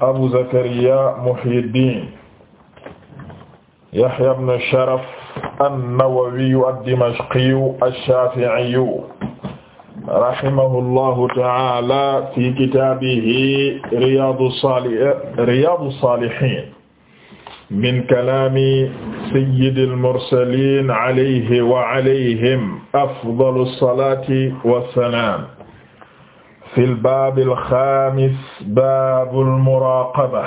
Abu Zakariya Muhyiddin Yahya ibn Sharaf an-Nawawiyu ad-Dimashqiyu ash-Shafi'iyu rahimahullahu ta'ala fi kitaabihi Riyaadu Saalihiin Riyaadu Saalihiin min kalaami sayyidil mursaliin alayhi wa alayhim afdalu salaati wa salaam fil baabil xaamis baabul muraaqaba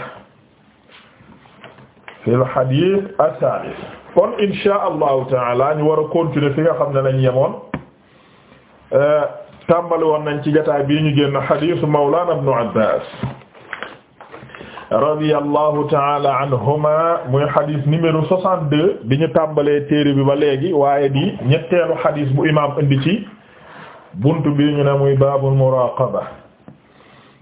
fil hadiis as-saalis kon insha allahu taala ñu wara a continuer fi nga xam ne lañ yemoon euh, tàmbali woon nañ ci jotaay bii ñu génn hadiisu mawlaana ibnu abbaas radiyallahu taala anhuma muy hadiis numéro 62 bi ñu tàmbalee bi ba léegi waaye di ñetteelu hadiis bu imaam indi bunt bi ñu ne muy baabul muraqaba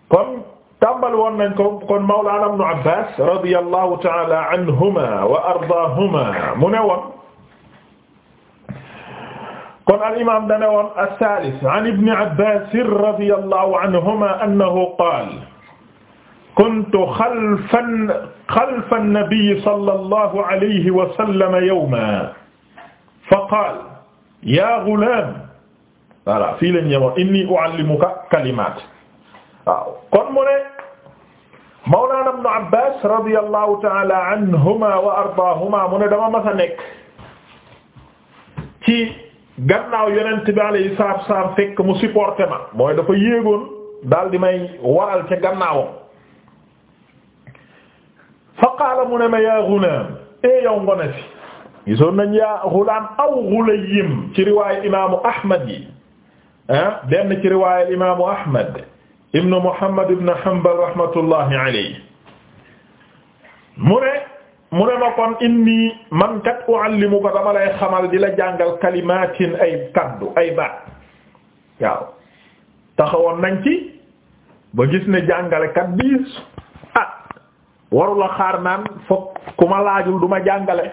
kon tàmbali woon nañ ko kon mawlaana ibnu Abbaas radiyallahu ta'ala anhuma wa ardaahuma mu ne woon kon al imaam da ne woon as-saalis an ibni Abbaas radiyallahu anhuma annahu qaala kuntu xalfan xalfan nabiyyi sallallahu alayhi wa sallam yawman fa qaala yaa ghulaam voilà fii lañ inni uallimuka kalimaat waaw kon mu ne taala anhuma wa ardaahuma mu ne dama mas a nekk ci gannaaw yonent bi alayhi salaatu salaam fekk mu supporté ma mooy dafa yéegoon daal di may waral ca gannaawam fa qaala mu ne ma yaa ghulaam ee eh yow ngone aw ghulayim ci riwaayu imaamu ahmad Ah, benn ci riwaaya imaamu Ahmad ibn Muhammad ibn Hanbal rahmatullahi alayhi mu ne mu ne ma kon inni man kat uallimuka dama lay xamal di la kalimaatin ay kaddu ay baat waaw taxawoon nañ ci ba gis ne jàngalekat bi ah warula xaar naan ku ma laajul du ma jàngale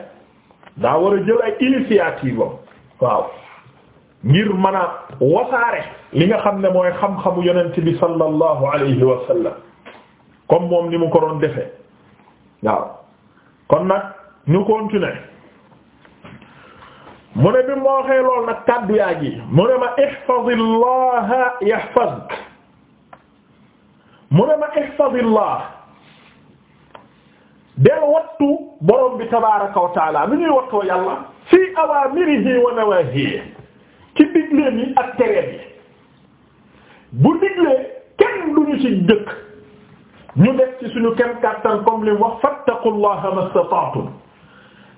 daa war a jël ay initiative am ngir mën a wasaare li nga xam ne mooy xam-xamu yonent bi sallallahu alayhi wa sallam comme moom ni mu ko doon defee waaw kon nag ñu continuer mu ne bi moo xee lool nag kàddu yaa mu ne ma ihfazillaha yahfazuk mu ne ma ihfazillah del wattu borom bi tabaaraka wa taala lu ñuy wattoo yàlla fi awamirihi wa nawahihi digleen yi ak tereen yi bu diglee kenn duñu ci dëkk ñu def ci suñu kenn kàttan comme li wax fattaqullaha mastata'tum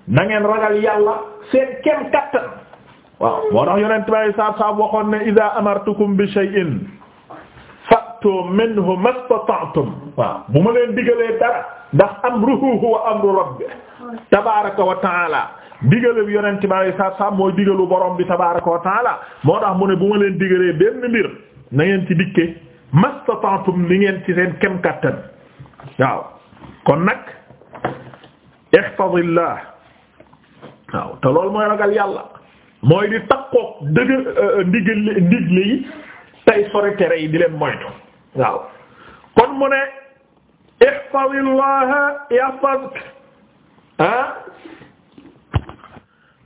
na ngeen ragal yàlla seen kenn kàttan waaw moo tax yonent bàyyi saab saab waxoon ne ida amartukum bi shay'in fa'tu minhu mastata'tum waaw bu ma leen digalee dara ndax amruhu huwa amru rabbih tabaaraka wa ta'ala digale yonent bi alayhi salaatu salaam mooy digalu borom bi tabaaraka wa taala moo tax mu ne bu ma leen digalee benn mbir na ngeen ci dikke mastata'tum ni ngeen ci seen kem kattan waaw kon nag ihfazillah waaw te loolu mooy ragal yàlla mooy di takkook dëgg euh, ndigal ndigle yi tey sori yi di leen moytu waaw kon mu ne ihfazillah yahfazka ah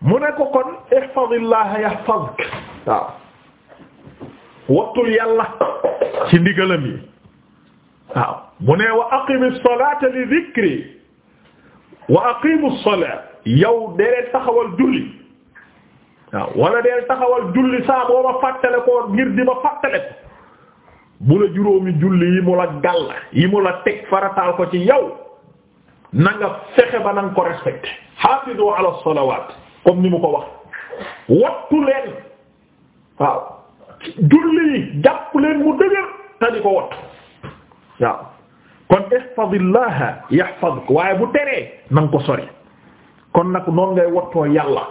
mu ne ko kon ihfazillaha yahfazuk waaw wattul yàlla ci ndigalam yi waaw mu ne wa aqimis salata li dhikri wa aqimus salata yow dee taxawal julli waaw wala dee taxawal julli saa boo ma fàttale ko ngir di ma fàttale ko bu la juróomi julli yi mu la gàll yi mu la teg farataal ko ci yow na nga fexe ba na nga ko respecté hafizu ala salawat comme ni mu ko wax wattu leen waaw julli jàpp leen mu dëgër te di ko wattu waaw kon ihfazillaha yahfazuk waaye bu teree na nga ko sori kon nag noonu ngay wattoo yàlla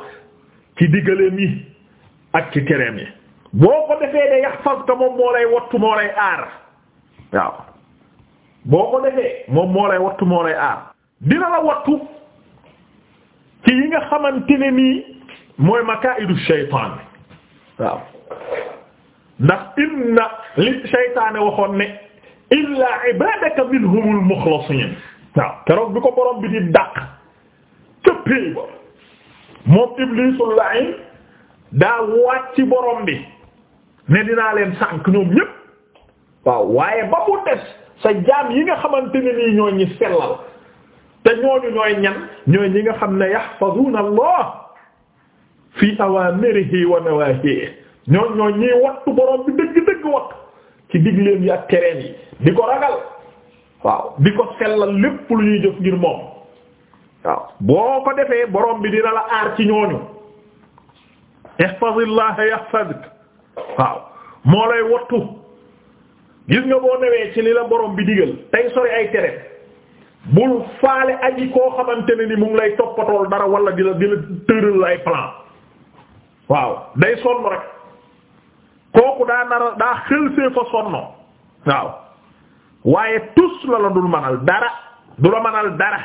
ci diggaleem yi ak ci tereem yi boo ko defee ne yahfazuka moom moo lay wattu moo lay aar waaw boo ko defee moom moo lay wattu moo lay aar dina la wattu ci yi nga xamante ne nii mooy makaidu shaytaan waaw ndax inna li shaytaane waxoon ne illaa ibadaka minhumul mukhlasin waaw keroog bi ko borom bi di dàq cëppee ba moom iblisul la'in daa wàcc ci borom bi ne dinaa leen sànk ñoom ñépp waaw waaye ba mu des sa jaam yi nga xamante ne nii ñoo ñi sellal te ñooñu ñooy ñan ñooy ñi nga xam ne yahfazuna Allah fi awamirihi wa nawahihi ñooñ ñooñ ñiy wattu borom bi dëgg-dëgg wattu ci digleem yi ak tereen yi di ko ragal waaw di ko sellal lépp lu ñuy jëf ngir moom waaw boo ko defee boroom bi di la aar ci ñooñu ihfazillaha yahfazuk waaw moo lay wattu gis nga boo newee ci li la borom bi digal tey sori ay tereen bul faale aji koo xamante ne ni mu ngi lay toppatool dara wala di la di la tëral ay plan waaw day sonn rek kooku daa nar daa xëlsee fa sonno waaw waaye tus la la dara du la manal dara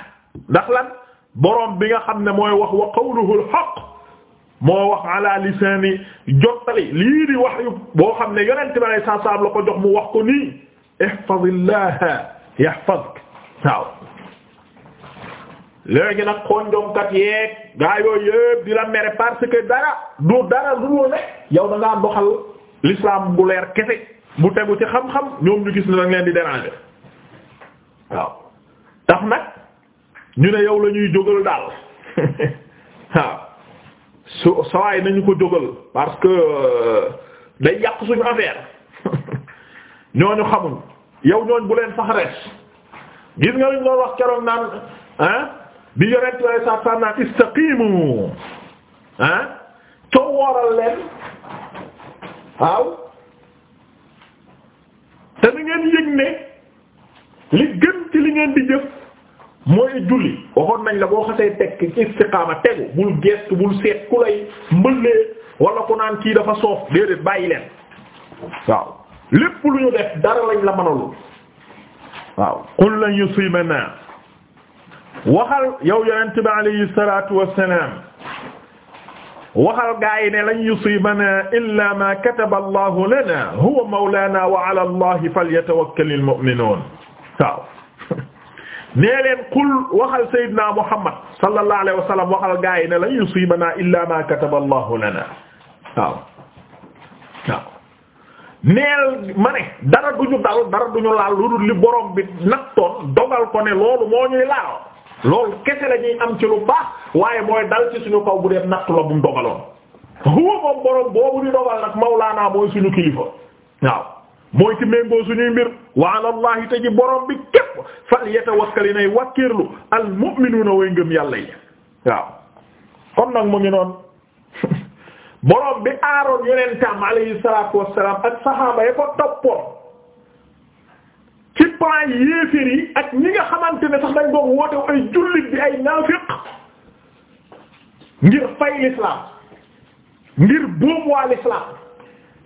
ndax lan boroom bi nga xam ne mooy wax wa qawluhul haqq moo wax ala lisaani jottali lii di wax yu boo xam ne yonent bi sallallahu alayhi wasallam la ko jox mu wax ko nii ihfazillaha yahfazuk waaw léegi nag xonjomkat yee gaa yooyu yëpp di mere parce que dara du dara du loo ne yow da ngaa doxal l'islam bu leer kese bu tegu ci xam-xam ñoom ñu gis ne danga leen di déranger waaw tax nag ñu ne yow la ñuy jógal daal waaw su sawaay nañu ko jógal parce que euh, day yàq suñu affaire ñooñu xamul yow ñooñ bu leen sax rees gis nga luñ doon wax keroog naan ah bi yonent waaye sa san naan istaqimu ah coo wooral leen waaw te ni ngeen yëg ne li gën ci li ngeen di jëf mooy julli waxoon nañ la boo xasee tekk ci istiqaama tegu bul gestu bul seet ku lay mbëllee wala ku naan kii dafa soof déedéet bàyyi leen waaw lépp lu ñu def dara lañ la mënalul waaw qul lan yusibana waxal yow yonent bi alayhi salatu wassalam waxal gaa yi ne lan yusibana illa ma kataba allahu lana huwa mawlana wa ala allahi falyatawakkal almu'minun waaw nee leen qul waxal sayyidina muhammad sallallahu alayhi wa sallam waxal gaa yi ne lan yusibana illa ma kataba allahu lana waaw waaw neel ma ne dara duñu dal dara duñu laal lu dul li borom bi nattoon dogal ko ne loolu moo ñuy laal loolu kese la ñuy am ci lu baax waaye mooy dal ci suñu kaw bu dee nattu la bu mu dogaloon huwa moom borom boobu di dogal nag mawlaana mooy suñu kilifa waaw mooy ci méngoo suñuy mbir wa ala allahi te ji borom bi képp fal yatawakkal nay wàkkiirlu al mu'minuuna way ngëm yàlla yi waaw kon nag mu ngi noonu borom bi aaroon yonentam alayhi salaatu wassalaam ak saxaaba ya ko toppoon ci plan yéeféer yi ak ñi nga xamante ne sax dañ doon woote ay jullit bi ay naafiq ngir fay l'islam ngir boobu waa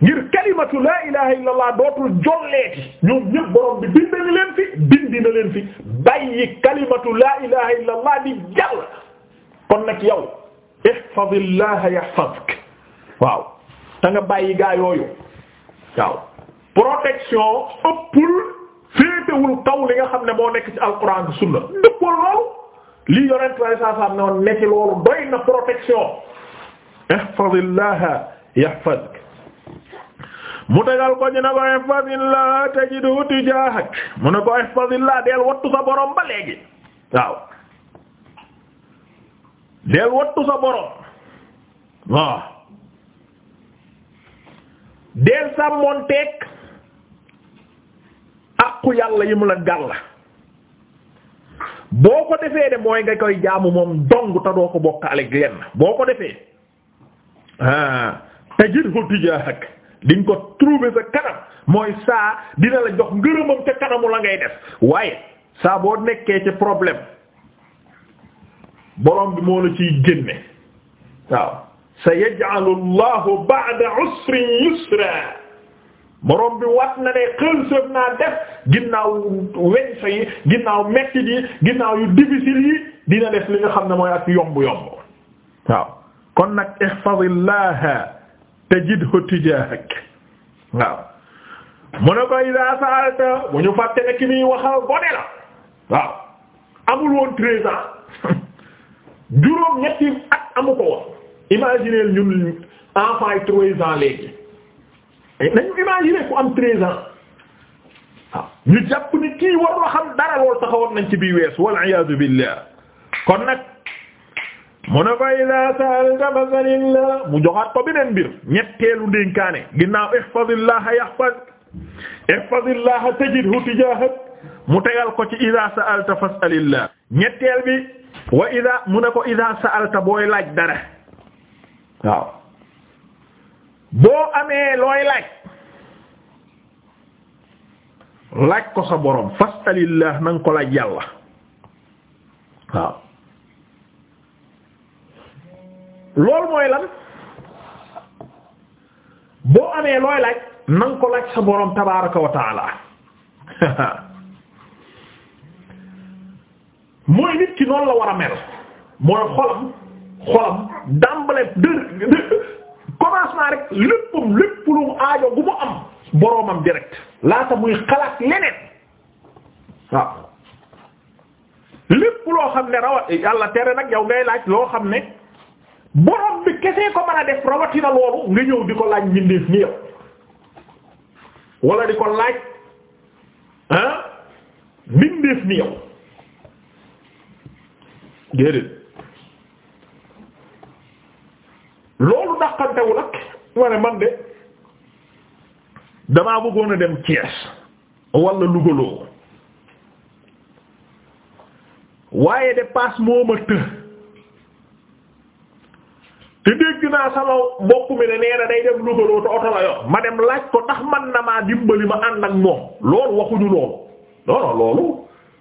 ngir kalimatu laa ilaha illa allah dootul jolleeti ñoom ñëpp borom bi leen fi dindi leen fi bàyyi kalimatu laa ilaha illa di jàll kon nag yow ihfazillaha yahfazuk waaw te nga bàyyi gaa yooyu waaw protection ëppul féetewul kaw li nga xam ne moo nekk ci al ak sunna dëppoo loolu li yonent sallallahu alayhi wasallam ne woon nekk loolu doy na protection ihfazillaha yahfazuk mu tegal ko ñu ne ko ihfazillah tajidhu tujahak mu ne ko ihfazillah deel wattu sa borom ba léegi waaw deel wattu sa borom waaw deel sàmmoonteeg àqu yàlla yi mu a gàlla boo ko defee de mooy nga koy jaamu moom dong te doo ko bokkaale lenn boo ko defee ah tajidhu tijahak diñ ko trouver sa kanam mooy saa dina la jox ngërëmam ca kanamu la ngay def waaye saa boo nekkee ci problème borom bi moo la ciy génne waaw sayaj'alu Allahu ba'da usrin yusra borom bi wat na ne xënsëf naa def ginnaaw weñso yi ginnaaw mettit yi ginnaaw yu difficile yi dina def li nga xam ne mooy ak yomb-yomb waaw kon nag ihfazillaha tajidhu tijahak waaw mu ne ko ida saalta bu ñu fàtte ne ki muy waxal gone la waaw amul woon treize ans juróom ñetti at amu ko woon imaginer ñun enfant yi trois ans léegi eh, nañu imaginer ku am treize ans waaw ah, ñu jàpp ni kii war xam dara lool taxawoon nañ ci biir weesu wal iyaadu billah kon nag mu ne fa ida sa'alta fasalillah mu joxaat ko beneen mbir ñetteelu ndénkaane ginnaaw ihfazillaha yahfaz ihfazillaha tajidhu tijahak mu tegal ko ci ida sa'alta fasalillah ñetteel bi wa ida mu ne ko ida sa'alta booy laaj dara waaw boo amee looy laaj laaj ko sa boroom fasalillah na ko laaj yàlla waaw loolu mooy lan boo amee looy laaj na ko laaj sa borom tabaaraka wa mooy nit ki noonu la war a mel mooy xolam xolam. tàmbale dë commencement lépp am laata muy xalaat loo xam ne rawat yàlla tere nag yow ngay laaj loo xam ne boroom bi kese ko mën a def rawatina loolu nga ñëw di ko laaj mbindeef ni yow wala di ko laaj ah mbindeef ni yow déedéet loolu dàqantewu nag ma ne man de damaa bëggoon dem Thiès wala lugaloo waaye de paas moo ma të te dégg naa sama mbokk mi ne nee na day dem lugaloo te oto la yor ma dem laaj ko ndax man na maa dimbali ma ànd ak moom loolu waxuñu loolu non loolu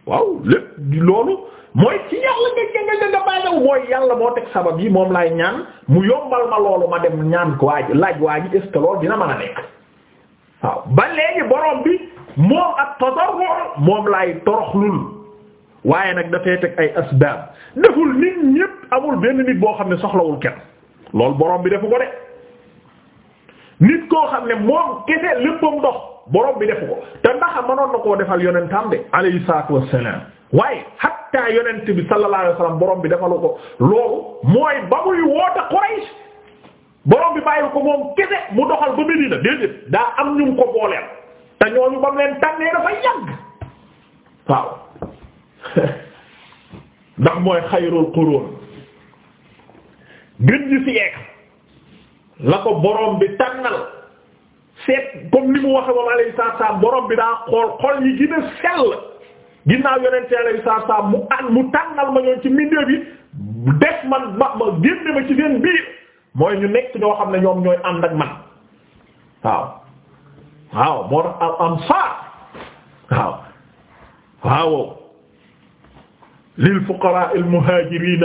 waaw lépp loolu mooy ci yàlla nga nga nga bàyyi mooy yàlla moo teg sabab yi moom laay ñaan mu yombal ma loolu ma dem ñaan ko waaj laaj waa ji est ce dina mën a nekk waaw ba léegi borom bi moom ak tadarru moom laay toroxlul waaye nag dafay teg ay asbab deful nit ñépp amul benn nit boo xam ne soxlawul kenn loolu borom bi defu ko de nit koo xam ne moom kese léppam dox borom bi defu ko te ndax mënoon na koo defal yonentam de alayhi salaatu wassalaam waaye hatta yonent bi sallallahu alayhi wasallam borom bi defalu ko loolu mooy ba muy woote Quraysh borom bi bàyyi ko moom kese mu doxal ba Medina déedéet daa am ñu ko booleel te ñooñu ba mu leen tànnee dafa yàgg waaw ndax mooy xayrul qurun gën gi si eeg la ko borom bi tànnal seet comme li mu waxe moom alayhi salaam borom bi daa xool xol yi gën sell ginnaaw yonent yàlla bi saa mu an ma ñoon ci milieu bi def man ma ma ma ci seen biir mooy ñu nekk ñoo xam ne ñoom ñooy ànd ak man waaw waaw moo tax al ansaar waaw waaw lil fuqaraa al muhaajiriin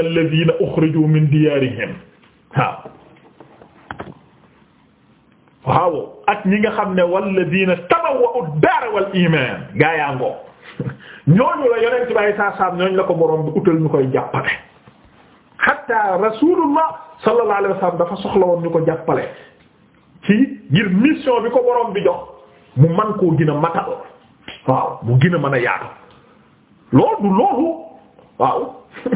ak ñi nga xam ne walladhiina tabawwa'u ad-daara wal iimaan gaayaangoo ñooñu la yonent bi ay saasaam ñooñu la ko borom bi utal ñu koy jàppale hatta rasulullah sallallahu alayhi wasallam dafa soxla woon ñu ko jàppale ci ngir mission bi ko borom bi jox mu man koo gën a matal waaw mu gën a mën a yaatu loolu du loolu waaw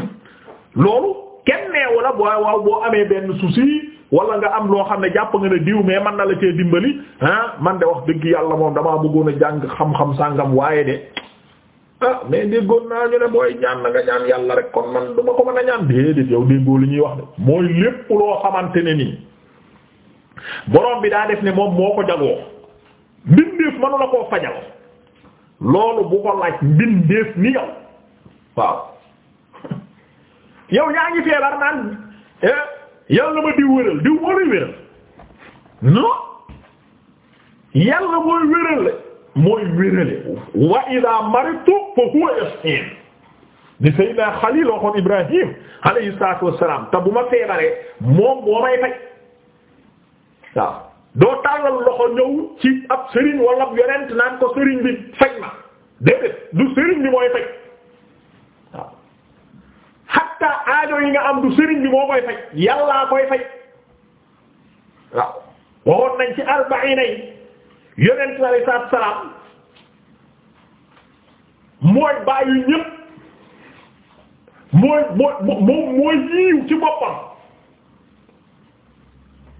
loolu kenn neewu la boo waaw boo amee benn souci wala nga am loo xam ne jàpp nga ne diw mais man na la cee dimbali ah man de wax dëgg yàlla moom damaa bëggoon a jàng xam-xam sàngam waaye de ah mais déggoon naa ñu ne booy ñaan na ñaan yàlla rek kon man duma ko mën a ñaan déedéet yow déggoo li ñuy wax de mooy lépp loo xamante ne nii borom bi daa def ne moom moo ko jagoo mbindeef manu koo fajal loolu bu ko laaj mbindeef ni yow waaw yow yaa ngi feebar naan eh, yàlla ma di wéral di wala wéral non yàlla mooy wéral mooy wérale wa ida maritu fa huwa yashfin ni Seydina Xalil waxoon Ibrahim alayhi salaatu wassalaam te bu ma feebaree moom moo may faj doo tàllal loxo ñëw ci ab sëriñ wala ab naan ko sëriñ bi faj ma déedéet du sëriñ bi mooy faj waaw hatta aajo yi am du sëriñ bi moo koy faj yàllaa koy faj waaw nañ ci arba'iin yonent bi alayhi salaatu mooy bàyyi ñépp mooy mooy mooy yiiw ci boppam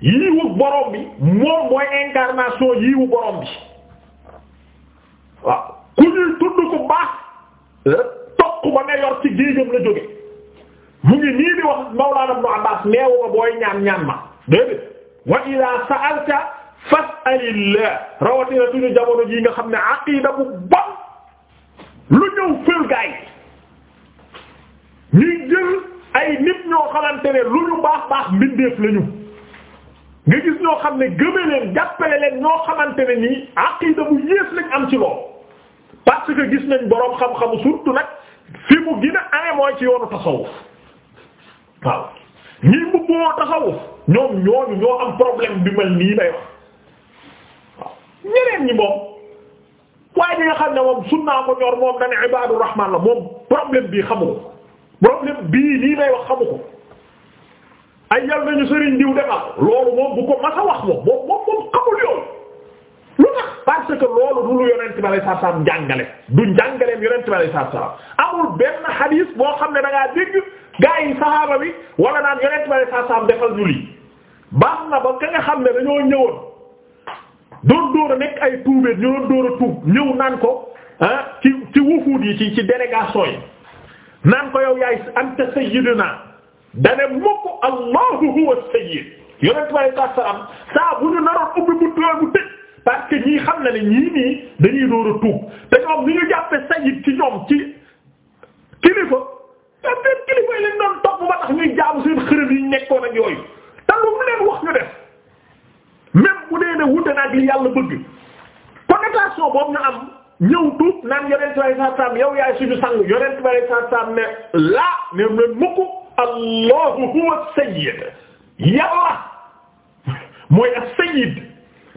yiiwu borom bi moom mooy incarnation yiiwu borom bi ku ñuy tudd ku baax eh, toq ba nga yor ci géejam la jóge mu ngi nii di wax Mawlaana Ibn Abbaas neewu ma booy ñaan ñaan ma déedéet wa idaa sa'alta fasalillah rawatina suñu jamono ji nga xam ne aqiida bu bon lu ñëw fël gaay ñuy jël ay nit ñoo xamante ne lu ñu baax baax mbindeef lañu nga gis ñoo xam ne gëme leen jàppale leen ñoo xamante ne nii aqiida bu yées lañ am ci loolu parce que gis nañ boroom xam-xamu surtout nag fi mu gën a amee mooy ci yoonu tasawuf waaw ñi mu boo tasawuf ñoom ñooñu ñoo am problème bi nii lay wax ñeneen ñi moom waaye ñi nga xam ne moom sunnaa ko ñor moom dañu ibaadu la moom problème bii xamu ko problème bii lii may wax xamu ko ay yal nañu sëriñ diw defal loolu moom bu ko mas a wax moom moom moom xamul yow lu tax parce que loolu du lu yonent bi sallallahu alayhi wasallam jàngale du njàngaleem yonent bi sallallahu alayhi wasallam amul benn xadiis boo xam ne da ngaa dégg gaa yi saxaaba bi wala daan yonent bi sallallahu alayhi defal ñu baax na ba ka nga xam ne dañoo ñëwoon. doon dóor a nekk ay tuubeen ñu doon dóor a tuub ñëw naan ko ah ci ci wufuut yi ci ci délégation yi naan ko yow yaay anta sayyiduna dane mukk allahu huwa sayyid yonent bi saa salaam saa bu ñu naroon ubbi bu tooy bu tëj parce que ñii xam na ne ñii nii dañuy dóor a tuub te ñoom ni ñu jàppe sayyid ci ñoom ci kilifa te seen kilifa yi lañ doon topp ba tax ñuy jaamu seen xërëm yi ñu nekkoon ak yooyu ak li yàlla bëgg connotation boobu na am ñëw tuub naan yonent bi alayhi salaam yow yaay suñu sang yonent bi alayhi salaam ne laa ne mukk allahu huwa sayyid yàlla mooy as-sayyid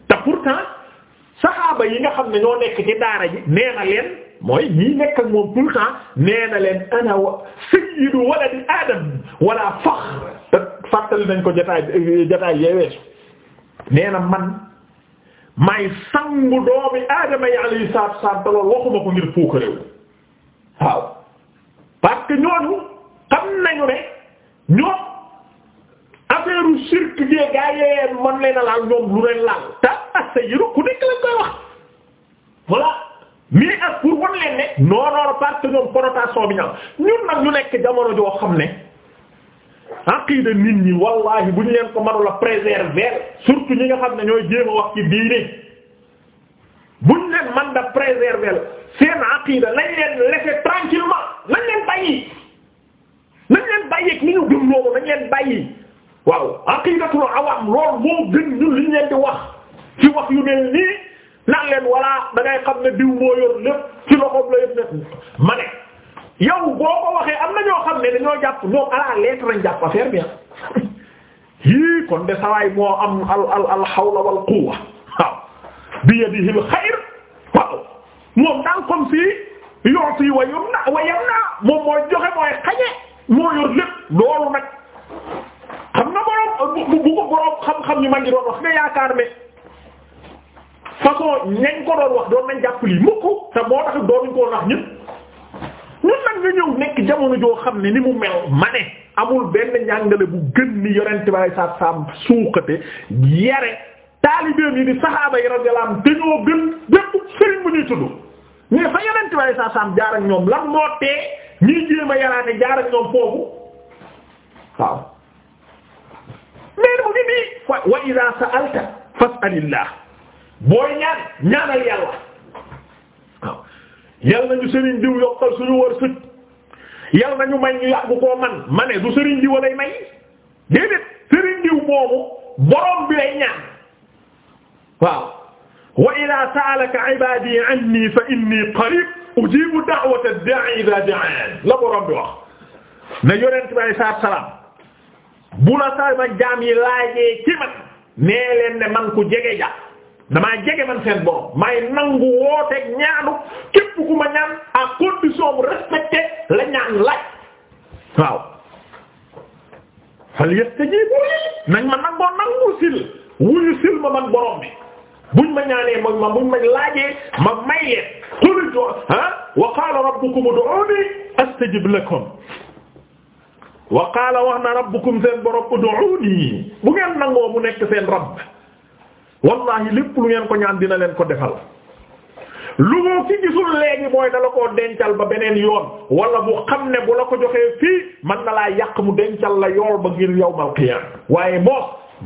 te pourtant saxaaba yi nga xam ne ñoo nekk ci daara ji nee na leen mooy ñii nekk ak moom tout temps nee leen ana wa sayyidu waladi adam wala faxr te fàttali nañ ko jotaay jotaay yeeweesu nee na man may sangu doomi aadama yi alayhi salaatu salaam waxuma ko ngir puukarewu waaw parce que ñooñu xam nañu ne ñoo affaire sirk jee gaa yee man leen a laal ñoom lu leen laal te as-sayyidu ku nekk lañ koy wax voilà mais ak pour wan leen ne non parce que ñoom connotation bi ñaam ñun nag ñu nekk jamono joo xam ne aqida nit ñi wallahi bu ñu leen ko manula préserver surtout ñi nga xam ne ñooy jéem a wax ci diine bu ñu leen man da préserver seen aqida lañ leen laisser tranquillement lañ leen bàyyi lañ leen bàyyi ak li ñu gëm loolu lañ leen bàyyi waaw aqidatul awam loolu moo gën ñu liñ leen wax ci wax yu mel nii naan leen walla da xam ne diw moo yor lépp ci loxo jàpp ñoom à la lettre lañ jàpp affaire ah. hii kon de sawaay moo am al al al hawla wal quwwa waaw bi yadihi al xayr moom daal comme si yu'ti wa yumna wa yamna moom mooy joxe mooy xañe moo yor lépp loolu nag xam na borom bu bu ko borom xam-xam ñu man yi doon wax nga yaakaar ne façon ñañ ko doon wax doon nañ jàpp lii mukk te moo tax doonuñ ko woon wax ñëpp. mun nag nga ñëw nekk jamono joo xam ne ni mu mel ma ne amul benn njàngale bu gën ni yonent baay saab saab suuxate yare taalibeem yi di saxaaba yi radiyallahu anhum te ñoo gën bépp sëriñ bu ñuy tudd mais fa yonent baay saab saab jaar ak ñoom lan moo tee ñuy jéem a yaraate jaar ak ñoom foofu waaw mais mu ngi nii booy ñaan ñaanal yàlla yal nañu sëriñ diw yokkal suñu wërsëg yal nañu may ñu yàgg koo man ma ne du sëriñ diw lay may déedéet sëriñ diw moomu lay ñaan waaw wa ida saalaka ibadi anni fa inni qarib ujibu da'wata da'i idha da'an la borom wax ne yonent bi alei salatua salaam bu la sama jaam i laajee ci man nee leen ne man ku jege damaa jege man seen borom may nangu wooteeg ñaanu képp ku ma ñaan à condition bu respecté la ñaan laaj waaw fal yastajibu li nañ ma nangoo nangu sil wuyu sil ma man borom bi buñ ma ñaanee ma ma buñ ma laajee ma may leen qul ah wa qala rabbukum ud'uni astajib lakum wa qala wax na rabbukum seen borom ud'uni bu ngeen nangoo mu nekk seen rabb wallahi lépp lu ngeen ko ñaan dina leen ko defal lu moo ci gisul léegi mooy dala ko dencal ba beneen yoon wala bu xam ne bu la ko joxee fii man na laa yàq mu dencal la yool ba ngir yawmal qiyaam waaye moos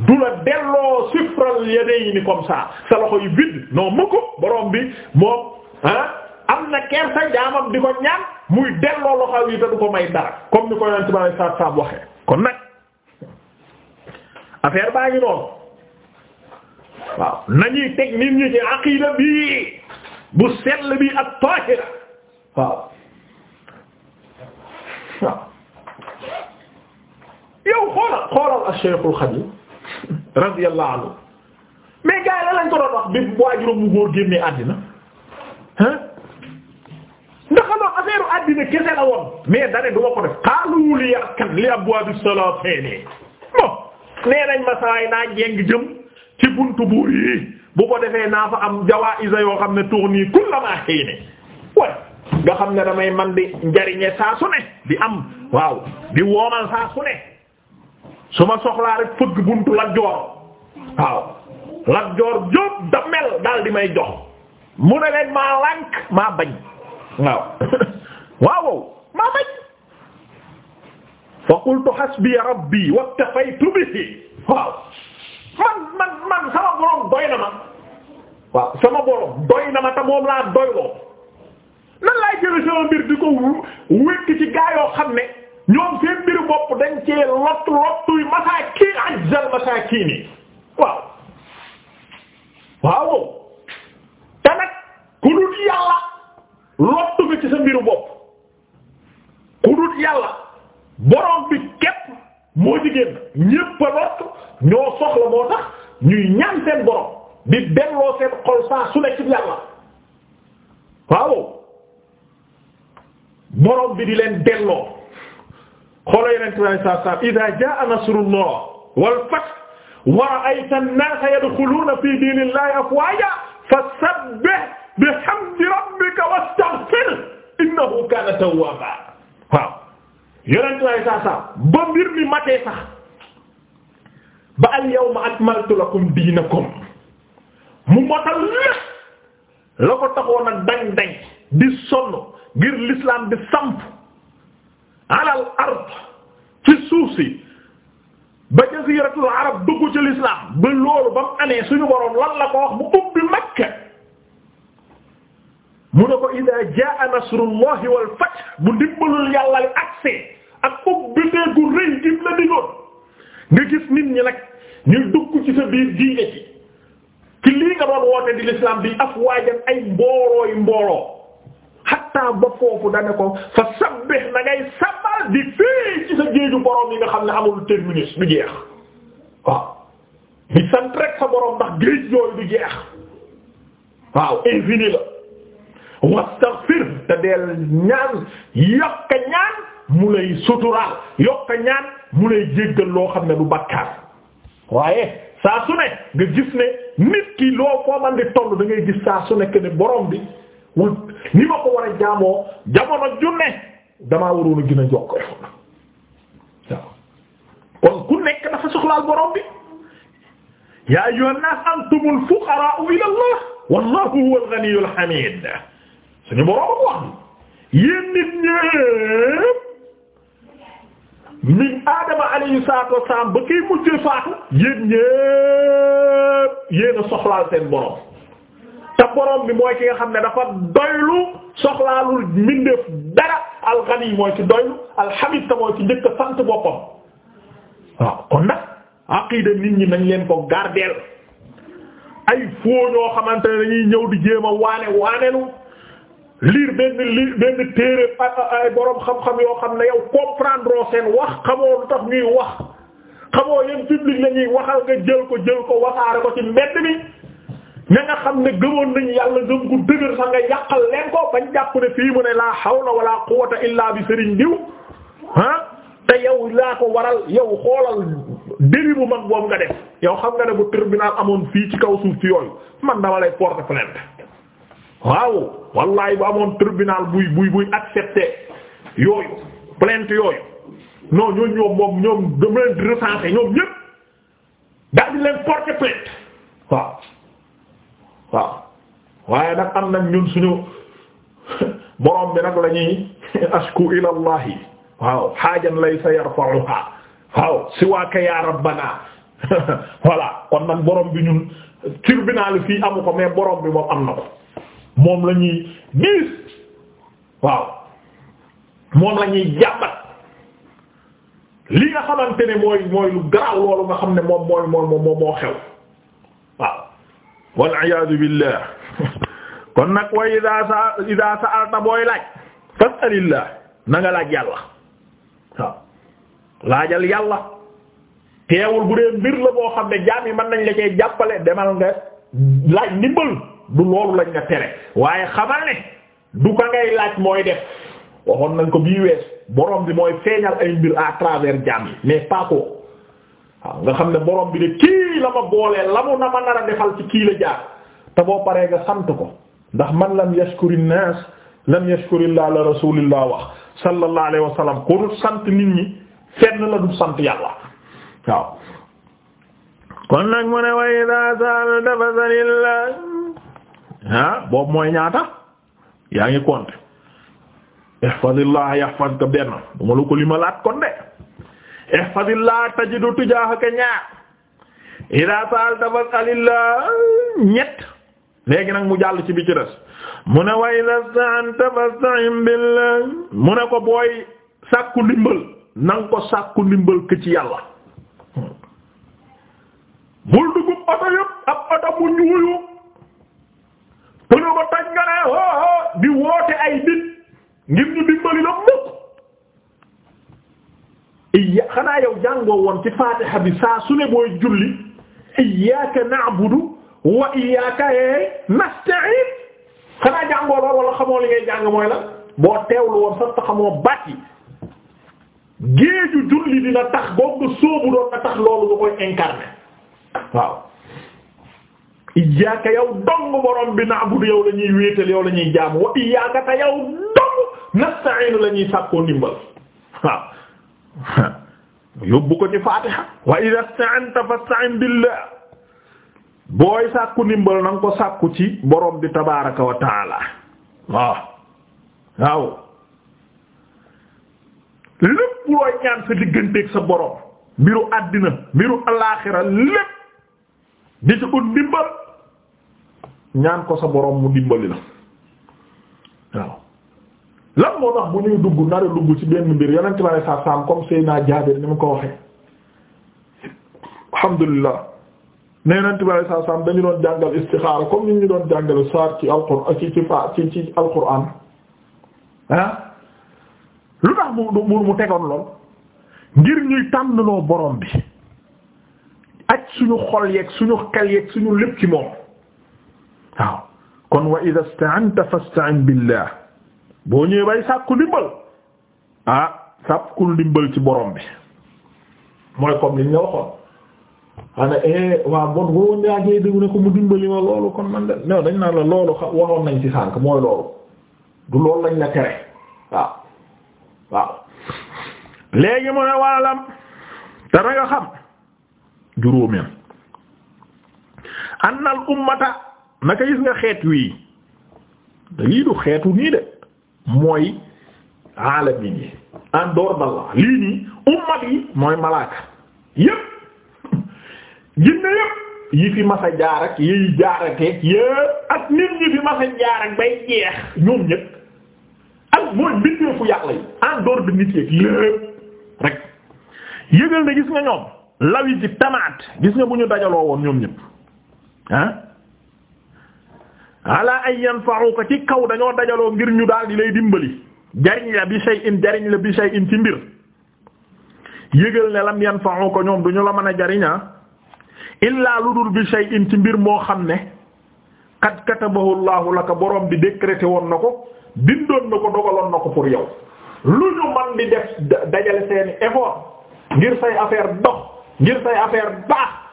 du la delloo sifral yadayni ni comme ça sa loxo yu vide non mu ko borom bi moom ah am na kersa jaamam di ko ñaan muy delloo loxo yi te du ko may dara comme ni ko yonent bi sallallahu alayhi wasallam waxee kon nag affaire baa ngi noonu waaw nañuy teg nit ñi ci aqiida bi bu sell bi ak taahira waaw waaw yow xoolal xoolal ak Cheikhul Khadim radiyallahu anhu mais gars yi la lañ ko doon wax bi waajuram bu góor génnee àddina hein ndax xam affaire àddina kese la woon mais dane du ma ko def xaalu li yàkkan li abwaabis salaateen bon nee nañ ma saay naa jeng jëm ci buntu buur yi bu ko defee naa fa am jawaïsa yoo xam ne tourni kullama hiine way nga xam ne damay man di njariñe saa su ne di am waaw di woomal saa su ne su ma soxlaa rek fëgg buntu Lat waaw Lat Joor Jóob daal di may jox mu ne leen maa lànk maa bañ waaw waaw maa bañ fa qultu hasbi rabbi waaw man man man sama borom doy na ma waaw sama borom doy na ma te moom laa doyloo nan laay jële sama mbir di ko wékk ci gaa yoo xam ne ñoom seen mbiru bopp dañ cee lott lottuy masaakiin ajjal masaakiin yi waaw waaw te nag ku yàlla lottu nga ci sa mbiru bopp ku yàlla borom bi képp moo jigéen ñépp a lott ñoo soxla moo tax ñuy ñaan seen borom di delloo seen xol saa su nekk ci yàlla waaw borom bi di leen delloo xolo yeneen ti waaye saa saa idaa jaa nasrullah wal fath wa ra'ayta an-naasa yadkhuluuna fi diinillahi afwaaja fasabbih bihamdi rabbika wastaghfir innahu kaana tawwaaba waaw yonent waaye saa saa ba mbir mi matee sax ba al yawma akmaltu lakum diinakum mu motal lépp la ko taxoon a dañ dañ l'islam di samp alal ard ci suuf si ba jaziratul arab dugg ci l'islam ba loolu ba mu amee suñu boroom ko wax mu ubbi makka mu ne ko idaa jaa nasrullahi wal fath bu dimbalul li agsee ak ubbitee gu rëy gim la digoon nga gis nit ñi nag ñu dugg ci sa biir diine ci ci lii nga doon woote di l'islam bi afwaajan ay mboolooy mbooloo xatta ba foofu dana ko fa na ngay sabbal di fii ci sa géeju borom yi nga xam ne amul terminus du jeex waaw di rek sa borom ndax géej yooyu du jeex waaw infini la wastaghfir te deel ñaan yokka ñaan mu lay suturaal yokk ñaan mu lay jéggal loo xam ne du bakkaar waaye saa su ne nga gis ne nit ki loo foo man di toll da gis saa su nekk que ne borom bi wul ni ma ko war a jaamoo jamono junne damaa waroon a gën a jokk waaw kon ku nekk dafa soxlaal borom bi yaa ayyuhan naas antumul fuqaraa'u ila Allah wallahu huwal ghaniyyul hamiid suñu borom wax yéen nit ñépp min aadama alayhi saato wassalaam ba kay mujjee faatu yéen ñépp yéen a soxlaal seen borom te borom bi mooy ki nga xam ne dafa doylu soxlaalul mbindeef dara alxani mooy ci doylu alxamid te mooy ci njëkk sant boppam waaw kon nag aqiida nit ñi nañ leen ko gardeel ay foo ñoo xamante ne dañuy ñëw di jéem a waane waanelu liir benn liir benn téere ay borom xam-xam yoo xam ne yow comprendre seen wax xamoo lu tax ñuy wax xamoo yéen public la ñuy waxal nga jël ko jël ko waxaare ko ci mbedd mi ña nga xam ne gëmoon nañu yàlla gëm ku dëgër sax nga yàqal leen ko bañ jàpp ne fii mu ne laa xaw hawla wala quwwata illaa bi sëriñ diw ah te yow laa ko waral yow xoolal déri bu mag boobu nga def yow xam nga ne bu tribunal amoon fii ci kaw suuf ci yooyu man dama lay porter plainte waaw wallahi bu amoon tribunal buy buy buy accepter yooyu plainte yooyu non ñooñu ñoom moom ñoom dama leen ñoom ñépp daal leen porter plainte waaw waaw waaye nag am nag ñun suñu borom bi nag lañuy ñuy asku ila allah waaw xaajan laysa yarfa'uha waaw siwaaka ya rabbana voilà kon nag borom bi ñun tribunal fii amu ko mais borom bi moom am na ko moom la ñuy diis waaw moom la ñuy jàmbat li nga xamante ne mooy mooy lu garaaw loolu nga xam ne moom mooy mooy moom moo xew waaw wal iyaadu billah kon nag wa idaa sa idaa sa'alta booy laaj fas'alillah na nga laaj yàlla waaw laajal yàlla teewul bu dee mbir la boo xam ne jaam yi mën nañ la cee jàppale demal nga laaj ndimbal du loolu lañ nga tere waaye xamal ne du ko ngay laaj mooy def waxoon nañ ko bii wees borom bi mooy feeñal ay mbir à travers jaam yi mais pas waaw nga xam ne borom bi ne kii la ma booleel la na ma nar defal ci kii la jaar te boo paree nga sant ko ndax man lam yashkuri naas lam yashkuri la rasulillah wax sallallahu alayhi wax sallam ko dul sant nit ñi fenn la du sant yàlla waaw kon nag mu ne wa idaa sa'alta fas'alillah ah boobu mooy ñaata yaa ngi compte ihfazillah yahfazka benn du ma la ko limalaat kon de ihfazillah tajidu tujaahaka ñaar ida sa'alta fas'alillah ñett léegi nag mu jàll ci bi mu ne wa ida sta'anta fasta'in billah mu ne ko booy sàkku ndimbal nang ko sàkku ndimbal ke ci yàlla bul dugub oto yëpp ab oto mu ñuuyu pënu ko woote ay nit ngir ñu dimbali la mukk iya xanaa yow jàngoo woon ci faatiha bi saa su ne booy julli iyyaka na'budu wa iyyaka nasta'in xanaa jàngoo lool wala xamoo li ngay jàng mooy la boo teewlu woon sax ta xamoo baat géeju julli dina tax boo ko doon na tax loolu nga koy incarner waaw iyyaka yow dong borom bi na'budu yow la ñuy wéetal yow la ñuy jaamu wa iyyaka te yow dong nasta'inu la ñuy sàkkoo ndimbal yóbbu ko ci faatiha wa idha ista'anta fasta'in billah booy sàkku ndimbal na ko sàkku ci borom bi tabaaraka wa ta'ala waaw lépp looy ñaan sa digganteeg sa borom mbiru àddina mbiru alaaxira lépp di ci ut ndimbal ñaan ko sa borom mu dimbali la waaw lan moo tax bu ñuy dugg nara dugg ci benn mbir yonent bi sallallahu alayhi wa sallam comme ni mu ko waxee alhamdulillah ne yonent bi sallallahu alayhi wa sallam dañu doon jàngal istixaara comme ñu doon jàngal saar ci alquraan ci ci fa ci ci alquraan ah lu tax mu mu mu tegoon lool ngir ñuy tànnloo borom bi ak suñu xol yeeg suñu xel yeeg suñu lépp ci moom. waaw kon wa idha ista'anta fasta'in billah boo ñëwee bay sàkku dimbal ah sàkkul dimbal ci borom bi mooy kom li nga waxoon xanaa eh waa bon boo ñaagee dégg ne ko mu dimbali ma loolu kon man de non waxoon nañ ci sànk mooy loolu du loolu lañ la tere waaw waaw léegi mu ne waalam te nga xam juróomeen annal ummata naka gis nga xeet wii te lii du xeetu nii de mooy alamin yi en dehors lii nii ummat yi mooy malaaka yépp ginne yépp yi fi masa jaar ak yi jaarateeg yépp ak nit ñi fi masa ak bay jeex ñoom ñépp ak mooy mbindeefu yàlla yi en dehors de nit yeeg lépp rek yëgal na gis nga ñoom law yi tamaat gis nga bu ñu dajaloo woon ñoom ñépp ala an yanfa'uka ci kaw dañoo dajaloo ngir ñu daal di lay dimbali jariñ la bi shay'in jariñ la bi shay'in ci mbir yëgal ne lam yanfa'uka ñoom du ñu la mën a jariñaa ah. illaa lu dul bi shay'in ci mbir moo xam ne qad katabahu Allahu laka borom bi décrété woon na ko bindoon na ko dogaloon na ko pour yow lu ñu man di def dajale seeni effort ngir say affaire dox ngir say affaire baax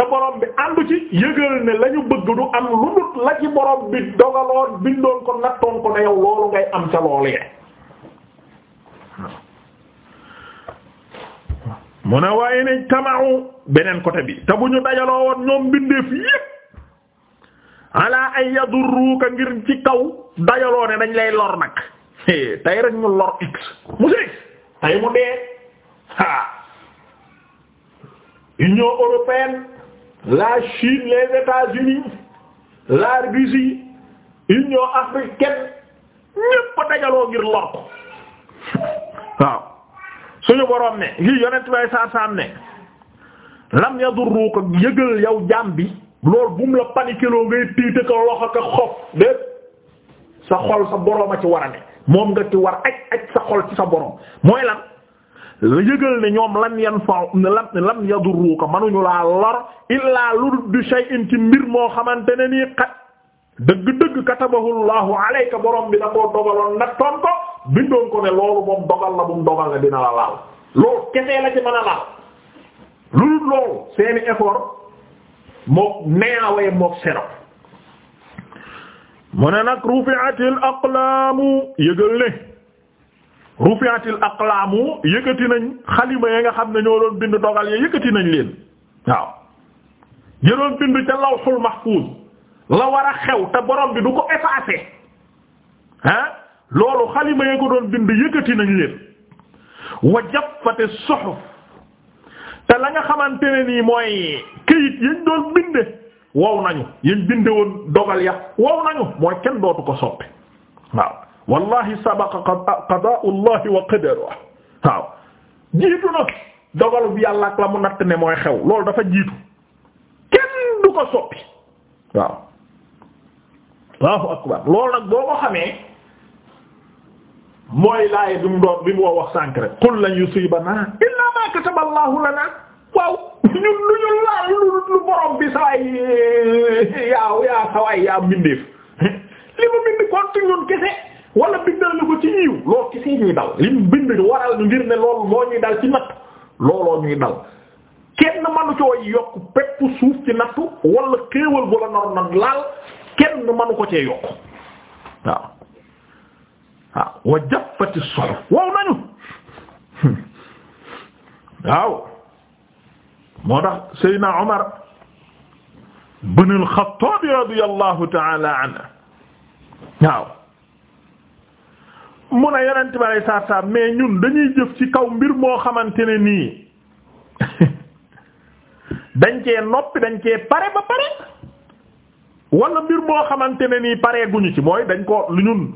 te borom bi àndu ci yëgal ne la ñu bëgg du am lu la ci borom bi dogaloon bindoon ko nattoon ko ne yow loolu ngay am ca loolu yee mu ne waaye ne tamaaw beneen côté bi te bu ñu dajaloo woon ñoom bindeef yépp ala ay yadurruka ngir ci kaw dajaloo ne dañ lay lor nag tey rek ñu lor x mu si mu dee ha Union européenne la Chine les États-Unis la Russie Union africaine ñépp dajaloo ngir lor ko waaw suñu boroom ne lii yonent bay saasaan ne lam yadurru ko yëgal yow jaam bi loolu bu mu la panikeloo ngay tiita ko loxo ko xof déet sa xol sa boroom a ci war a ne moom nga ci war aj aj sa xol ci sa boroom mooy lan la yëgal ne ñoom lan yan fa lan lan yadurruka manuñu laa lor illaa ludut bi shay'in ci mbir moo xamante ne nii xat dëgg-dëgg katabahu llahu alayka borom bi da koo dogaloon nag toon ko bindoon ko ne loolu moom dogal la bu dogal ne dina la laal loolu kesee la ci mën a laal ludut loolu seeni effort mook neawee mook sero mu ne nag rufi'atil aqlamu yëgal ne rufiatil aqlaamu yëkkati nañ xalima ya nga xam ne ñoo doon bind dogal ya yëkkati nañ leen waaw ña bind ca lawhul mahfuz la war a xew te borom bi du ko effacé ah loolu xalima ya ko doon bind yëkkati nañ leen wa jaffati suhuf te la nga xamante ne nii mooy këyit yañ doon binde wow nañu yañ binde woon dogal ya wow nañu mooy kenn dootu ko soppe waaw wallahi sabaqa qadaa'u Allah wa qadaruhu jiitu na dogalu bi yàlla ak la ne mooy xew lool dafa jiitu kenn du ko soppi akbar loolu nag boo ko mooy laaye bi mu doon bi mu wax sànk rek qul lan yusiibanaa illaa maa kataba Allahu lanaa waaw ñun lu ñu lu borom bi sawaay yaa yaa li mu bind konti ñun kese wala bindal na ko ci yiw loolu ci si dal lim bind waral ñu dal ci natt looloo ñuy dal kenn manu coo yokk pepp suuf ci nattu wala xéewal bu la nor nan laal kenn manu ko cee yokk waaw waaw wa jaffati soxor wow nañu waaw moo tax Seydina Omar ibn al-Khattab ta'ala anhu waaw mun a yonent bi alay saatu mais ñun dañuy jëf ci kaw mbir moo xamante ne nii dañ cee noppi dañ cee pare ba pare wala mbir moo xamante ne nii paree guñu ci mooy dañ ko lu ñun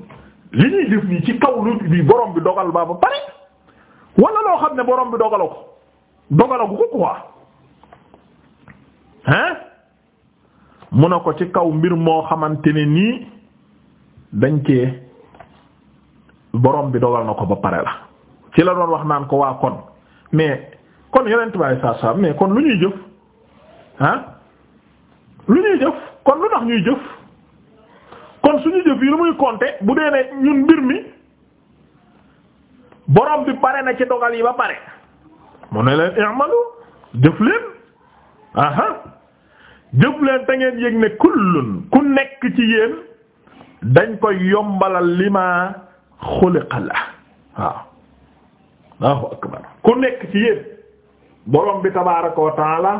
li ñuy jëf nii ci kaw lu bi borom bi dogal ba ba pare wala loo xam ne borom bi dogal ko dogalagu ko quoi hein mun a ko ci kaw mbir moo xamante ne nii dañ cee borom bi dogal na ko ba pare la ci la doon wax naan ko waa kon mais kon yonent bi saa saa mais kon lu ñuy jëf lu ñuy jëf kon lu tax ñuy jëf kon suñu jëf yi lu muy compter bu dee ne ñun mbir mi borom bi pare na ci dogal yi ba pare mu ne leen i'malu jëf leen aha jëf leen te ngeen yëg ne kullun ku nekk ci yéen dañ koy yombalal lima xuliqa la ku nekk ci borom bi tabaaraka wa taala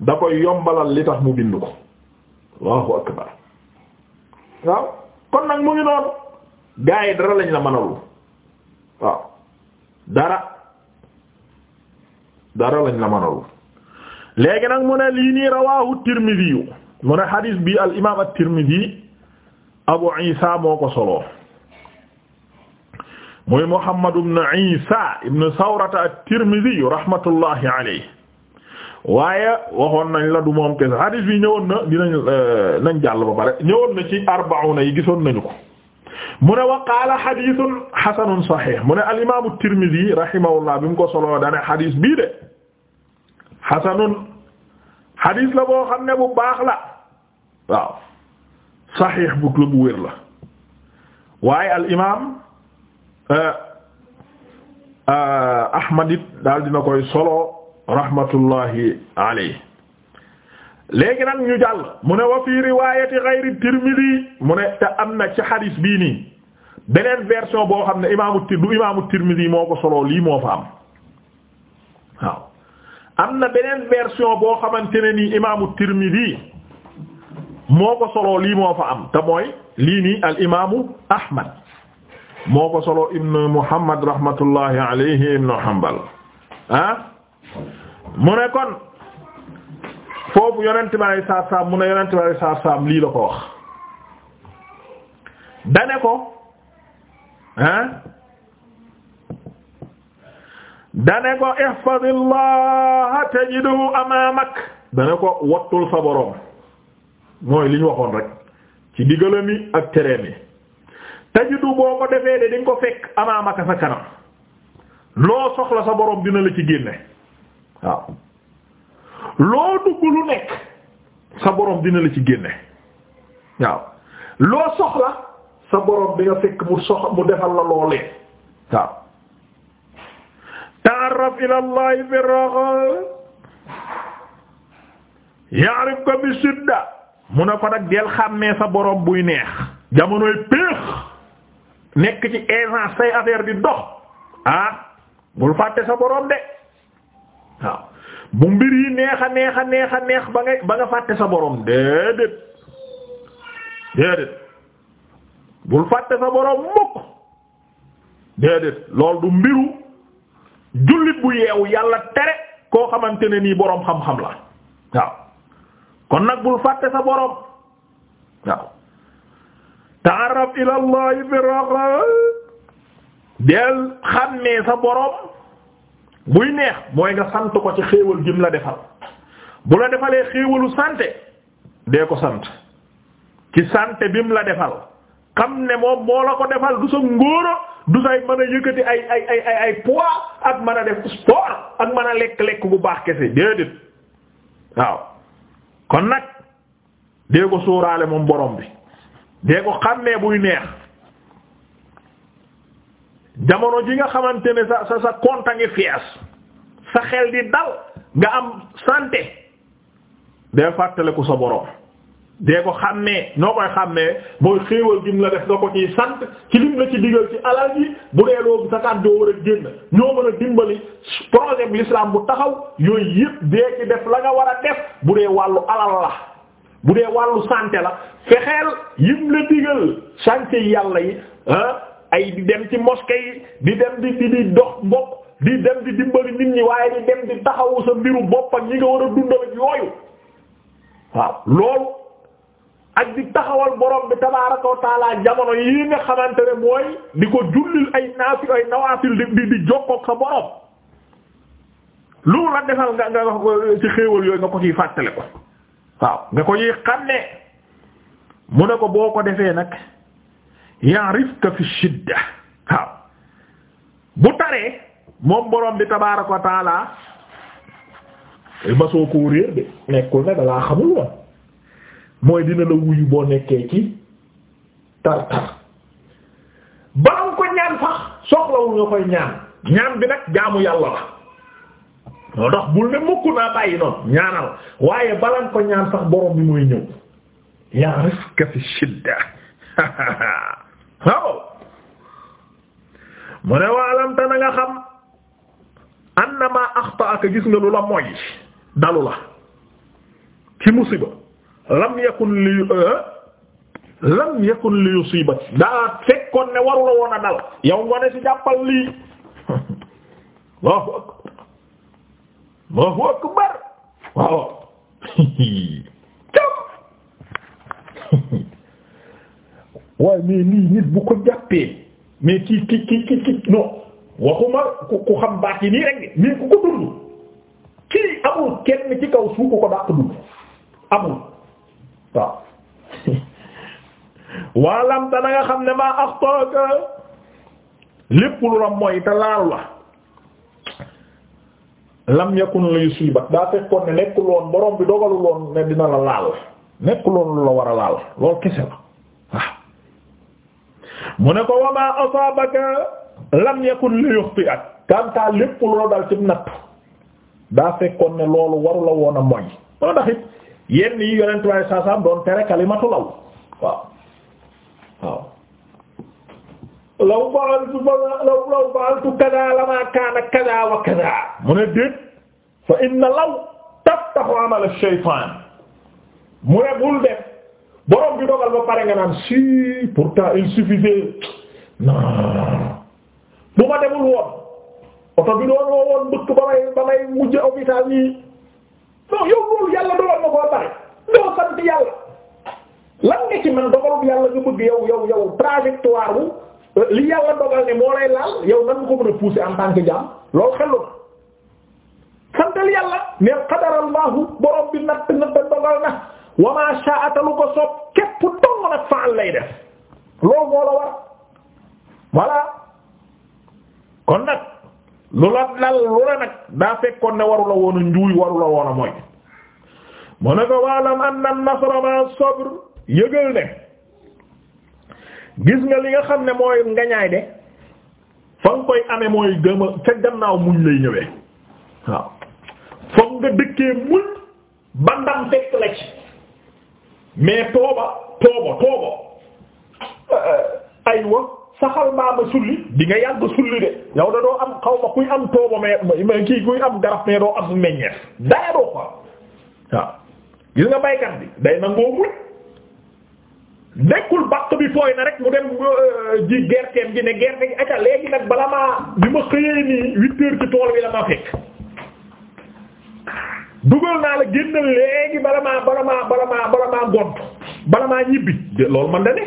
da koy yombalal li tax mu bind ko akbar kon nag mu ngi noonu gaa dara lañ la mënalul waaw dara dara lañ la mënalul léegi nag mu ne lii nii rawaahu Tirmidhi ne xadiis bi al imaam at-Tirmidhi Abu Isa moo ko solo muy Muhammad ibn Isa ibn Sawrata at-Tirmidhi rahmatullahi alayhi waaye waxoon nañ la du moom kese hadith bi ñëwoon na dinañ euh, nañ jàll ba pare ñëwoon na ci arba'una yi gisoon nañu ko mu ne wa qaala hadithun hasanun sahih mu ne al-imam at-Tirmidhi rahimahullah bi mu ko solo dane hadith bii de hasanun la boo ne bu baax la waaw sahih bu club wér la al-imam Eh, eh, Ahmad it daal dina koy solo rahmatullahi alayhi léegi nag ñu mu ne wa fii riwaayati ghayri Tirmidhi mu ne te am na ci xadis bii nii beneen version bo xam na imaamu du imaamu Tirmidhi moo ko soloo lii moo fa am am na beneen version boo xamante ne nii imaamu Tirmidhi moo ko soloo lii moo fa am te mooy lii nii al imaamu Ahmad moo ko solo ibnu Muhammad rahmatullahi alayhi ibnu Hanbal ah mu ne kon foofu yonent bi alayhi mu ne yonent bi alayhi lii la ko wax dane ko ah dane ko ihfazillah tajidhu amaamak dane ko wattul sa mooy li waxoon rek ci digalam yi ak tereem yi tajidu boo ko defee de dañ ko fekk amaamaka sa kanam loo soxla sa boroom dina la ci génne waaw loo dugg lu nekk sa borom dina la ci génne waaw loo soxla sa borom bi nga fekk mu sox mu defal la loolee waaw ta'arraf ila Allah fi raxal ya'rifka bi sidda mu ne ko nag del xàmmee sa borom buy neex jamonoy péex nekk ci aisance say affaire di dox ah bul fàtte sa borom de waaw bu mbir yi neex a neex a neex a neex ba nga fàtte sa borom déedéet déedéet bul fàtte sa borom mukk déedéet loolu du mbiru jullit bu yeewu yàlla tere koo xamante ne nii boroom xam-xam la waaw kon nag bul fàtte sa borom waaw ta'arraf ila Allah bi raxa del xàmmee sa boroom buy neex mooy nga sant ko ci xéewal jim la defal bu la defalee xéewalu sante dee ko sant ci bi mu la defal xam ne moom moo la ko defal du sa ngóoro du say mën a yëkkati ay ay ay ay ay poids ak mën a def sport ak mën a lekk-lekk bu baax kese déedéet waaw kon nag dee ko sóoraale moom boroom bi dee ko xàmmee buy neex jamono ji nga xamante ne sa sa sa compte a ngi fees sa xel di dal nga am santé dee fàttaliku sa boroom de ko xàmmee noo koy xàmmee mooy xéewal gim la def nga ko ciy sant ci lim la ci digal ci alal ji bu dee loolu sa kàddu war a génn ñoo mën a dimbali projet bi bu taxaw yooyu yëpp dee ci def la nga war a def bu dee wàllu alal la bu dee wàllu santé la fexeel yim la digal sànq yàlla yi ah, ay di dem ci mosquée yi di dem di di di dox mbokk di dem di dimbali nit ñi waaye di dem di taxawu sa mbiru bopp ak ñi nga war a dundal ak yooyu waaw loolu ak di taxawal boroom bi tabaaraka wa taala jamono yi nga xamante ne mooy di ko jullil ay naafil ay nawaafil di di di jokkoog sa borom lu la defal nga nga ci xéewal yooyu nga ko ciy fàttale ko waaw nga ko ciy xàmmee. mu ne ko boo ko defee nag ya'rifka fi shidda waaw bu taree moom borom bi tabaaraka wa ba soo ko réer de nekkul na dalaa xamul woon mooy dina la wuyu boo nekkee ci tar tar balaa ko ñaan sax soxlawul nga koy ñaan ñaan bi nag jaamu yàlla la moo tax bul ne mukk naa bàyyi noonu ñaanal waaye balan ko ñaan sax borom bi mooy ñëw ya'rifka fi shidda waaw mu ne waalam te na nga xam annama axta'aka gis nga lu la mooy dalu la ci musiba lam yakun li euh, lam yakun li yusiba daa fekkoon ne waru la woon a dal yow nga ne ci jàppal lii Allahu akbar Allahu akbar waaw waaye mais lii nit bu ko jàppee mais ki ki ki ki ki non waxuma ku xam baat yi nii rek mais ku ko dund kii amul kenn ci kaw suuf ku ko dàq dund amul waaw waalam ta na nga xam ne maa axtaaka lépp lu la mooy te laal la lam yakun la yusibak daa fekkoon ne nekkul woon bi dogalu woon ne dina la laal nekkul woon lu la war a laal loolu kese la mu ne ko wa ma lam yakun li yukhti'ak kantaa lépp lu la dal ci natt daa fekkoon ne loolu waru la a moy moo tax it yenn yi saasaam doon tere kalimatu law waaw waaw law fa'altu law law fa'altu kadaa lamaa kaana kadaa wa kadaa mu ne déet fa inna law taftahu amal ash-shaytaan mu ne bul borom bi dogal ba pare nga naan si pourtant il suffisait non bu ma demul woon oto bi doon woo woon bëkk ba may ba may mujj hôpital nii non yow loolu yàlla dogal na koo pare doo sant yàlla lan nga ci man dogalul yàlla nga bëgg yow yow yow trajectoire bu euh, li yàlla dogal ne moo lay laal yow nan nga ko mën a pousser en tant que jaam loolu xellu na santal yàlla ne qadarallahu borom bi natt natt dogal na. wa maa ko soob képp dong nag faal lay def loolu moo la war voilà kon nag lu la dal lu la nag daa fekkoon ne waru woon a njuuy waru woon a mooy mu ne ko waalam anna nasra ma sabr yëgal ne gis nga li nga xam ne mooy ngañaay de fa nga koy amee mooy gëm lay ñëwee fekk la ci mais tooba tooba tooba eh, eh, aywa saxal a sulli di nga yàgg sulli de yow da doo am xaw ma kuy am tooba mais kii kuy am garab mais doo am meññeef dara doo ko waaw gis nga baykat bi day nangoo muñ nekkul bàq bi fooy na rek mu dem euh, ji gerteem gi ne gerte gi acca léegi nag bala maa bi ma xëyee nii huit heures ci tool bi la ma fekk dugal naa la génnal léegi bala maa bala maa bala maa bala maa gont bala maa ñibbi de loolu man da ne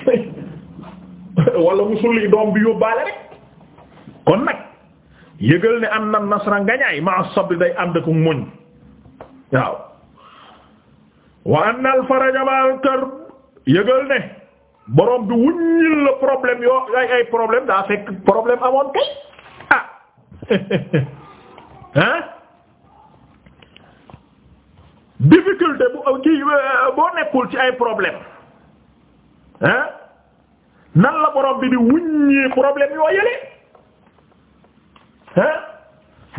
wala mu sulli doom bi yóbbaale rek kon nag yëgal ne am na nasra ngañaay ma sabri day ànd ko muñ waaw wa anna al faraja ma al karb yëgal ne borom bi wuññil la problème yoo ay ay problème daa fekk problème amoon kay ah ah difficulté bu kii euh, boo nekkul ci ay problème hein nan la borom bi di wuññee problème yoo yële hein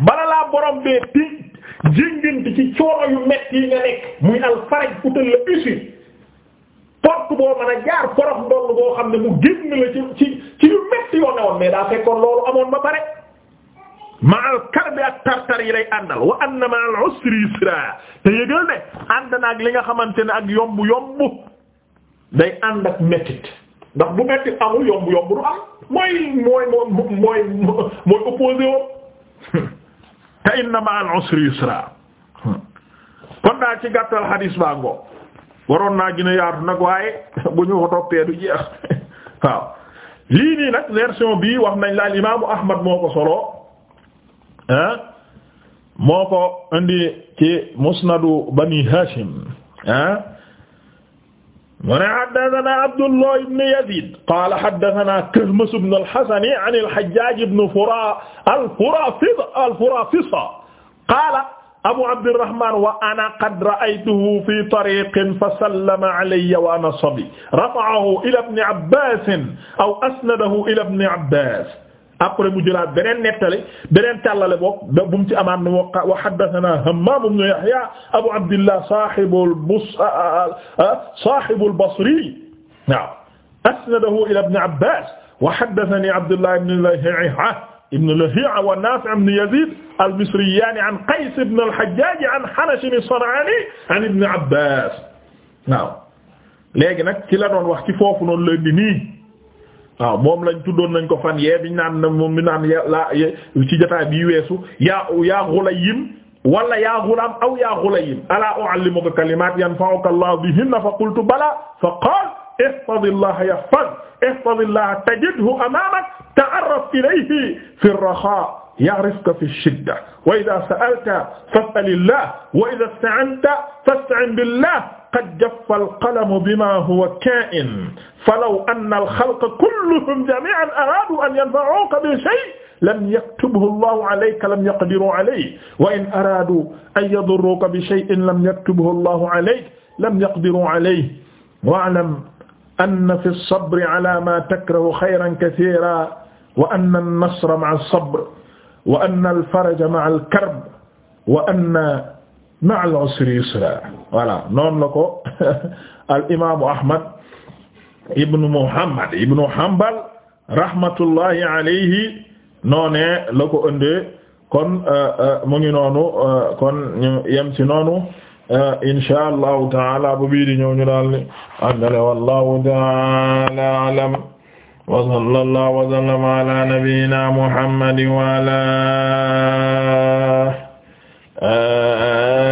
bala laa borom bee ti jénganti ci coono yu metti yi nga nekk muy al faraj utal la usine boo mën a jaar borom ndoll boo xam ne mu génn la ci ci ci yu metti yoo ne woon mais daa fekkoon loolu amoon ba pare ma'al karbi ak tartar yi lay àndal wa anna ma'al usri yusra te yëgal ne ànd na ak li nga xamante ne ak yomb yomb day ànd ak mettit ndax bu mettit amul yomb yomb du am mooy mooy mooy mooy opposé woo te inna ma'al usri yusra kon daal ci gàttal hadis baa ngoo waroon naa gën a yaatu nag waaye bu ñu ko toppee du jeex waaw lii nii nag version bii wax nañ la imaamu Ahmad moo ko solo. ah moo ko indi ci musnadu bani hashim ah mu ne haddathana abdullah ibn yazid qala haddathana kahmas ibn al-hasan an al-hajjaj ibn fura al-furafid al-furafisa qala abu abdirrahman wa ana qad ra'aytuhu fi tariqin fasallama alayya wa ana sabi rafa'ahu ila ibn abbas aw asnadahu ila ibn abbas après mu jëlaat beneen nettali beneen tallale bopp ba bu mu ci amaat ne wa haddathana Hammaam ibn Yahya Abu Abdillah saahibul bus saahibul Basri waaw asnadahu ila Ibn Abbas wa haddathani Abdullah ibn Lahi'a ibn Lahi'a wa Nafi' ibn Yazid al-Misriyani an Qays ibn al-Hajjaj an Hanash as-San'ani an Ibn Abbas waaw léegi nag ci la doon wax ci foofu noonu la indi nii waaw moom lañ tuddoon nañ ko fan yee biñ naan moom mi naan la ci jotaay bi weesu yaa yaa Ghulayim wala yaa ghulaam aw yaa Ghulayim alaa u'allimuka kalimaat yanfa'uka Allah bihinna fa qultu balaa fa qaala ihfazillaha yahfazka ihfazillaha tajidhu amaamak ta'arraf ilayhi fi raxaa ya'rifka fi shidda wa idhaa sa'alta fas'alillah wa idhaa ista'anta fasta'in billah qad jaffa alqalamu bima huwa kaa'in falaw anna alxalqa kulluhum jamii'an araadu an yanfa'uuka bi shay'in lam yaktubhu allahu alayka lam yaqdiruu alayhi wa in araaduu an yadurruuka bi shay'in lam yaktubhu allahu alayka lam yaqdiruu alayhi wa'lam anna fi as-sabri ala ma takrahu xayran kasiiran wa anna an-nasra ma'a as-sabri wa anna al-faraja ma'a al-karb wa anna ma'al usri yusra voilà noonu la ko al imaamu Ahmad ibnu Muhammad ibnu Hanbal rahmatullahi alayhi noonee la ko ëndee kon euh, euh, mu ngi noonu euh, kon ñu yem ci noonu insha allahu taala bu bii di ñëw ñu daal ni àndale wallahu taala alam wa sallallahu wa sallama ala nabiyyina Muhammadin wa ala